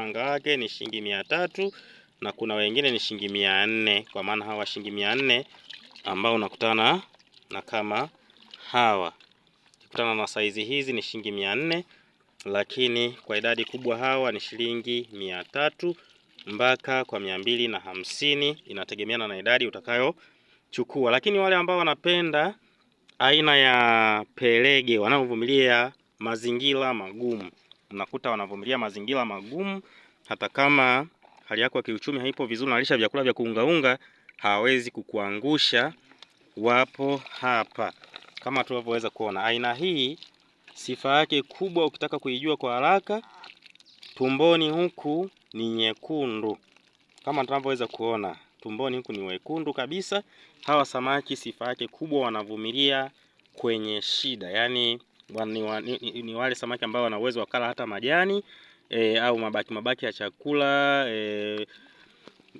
Franga wake ni shilingi mia tatu na kuna wengine ni shilingi mia nne kwa maana hawa shilingi mia nne ambao unakutana na kama hawa kutana na saizi hizi ni shilingi mia nne lakini kwa idadi kubwa hawa ni shilingi mia tatu mpaka kwa mia mbili na hamsini inategemeana na idadi utakayochukua. Lakini wale ambao wanapenda aina ya pelege wanaovumilia mazingira magumu unakuta wanavumilia mazingira magumu, hata kama hali yako ya kiuchumi haipo vizuri, unalisha vyakula vya kuungaunga, hawawezi kukuangusha. Wapo hapa kama tulivyoweza kuona. Aina hii sifa yake kubwa, ukitaka kuijua kwa haraka, tumboni huku ni nyekundu, kama tunavyoweza kuona tumboni huku ni wekundu kabisa. Hawa samaki sifa yake kubwa, wanavumilia kwenye shida, yaani ni, wa, ni, ni, ni wale samaki ambao wana uwezo wakala hata majani e, au mabaki mabaki ya chakula e,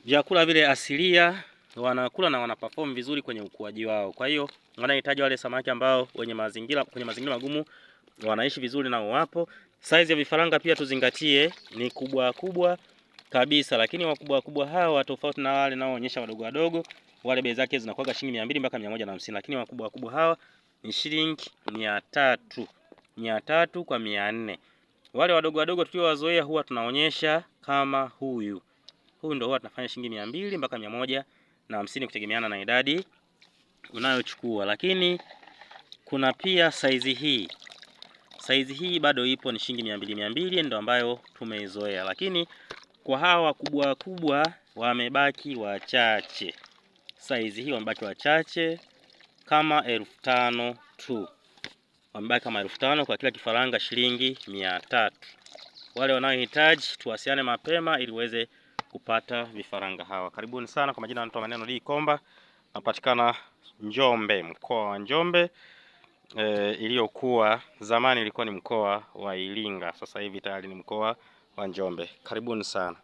vyakula vile asilia wanakula na wana perform vizuri kwenye ukuaji wao. Kwa hiyo wanahitaji wale samaki ambao wenye mazingira kwenye mazingira magumu wanaishi vizuri nao wapo. Size ya vifaranga pia tuzingatie ni kubwa kubwa kabisa, lakini wakubwa wakubwa hawa tofauti na wale naoonyesha wadogo wadogo, wale bei zake zinakuwa shilingi 200 mpaka 150, lakini wakubwa wakubwa hawa ni shilingi mia tatu mia tatu kwa mia nne Wale wadogo wadogo tuliowazoea huwa tunaonyesha kama huyu huyu, ndio huwa tunafanya shilingi mia mbili mpaka mia moja na hamsini kutegemeana na idadi unayochukua. Lakini kuna pia saizi hii, saizi hii bado ipo, ni shilingi mia mbili mia mbili ndio ambayo tumeizoea, lakini kwa hawa wakubwa wakubwa wamebaki wachache, saizi hii wamebaki wachache kama elfu tano tu, wamebaki kama elfu tano kwa kila kifaranga shilingi mia tatu. Wale wanaohitaji tuwasiliane mapema ili uweze kupata vifaranga hawa. Karibuni sana. Kwa majina anaitwa Maneno Lee Komba, napatikana Njombe, mkoa wa Njombe e, iliyokuwa zamani ilikuwa ni mkoa wa Iringa, sasa hivi tayari ni mkoa wa Njombe. Karibuni sana.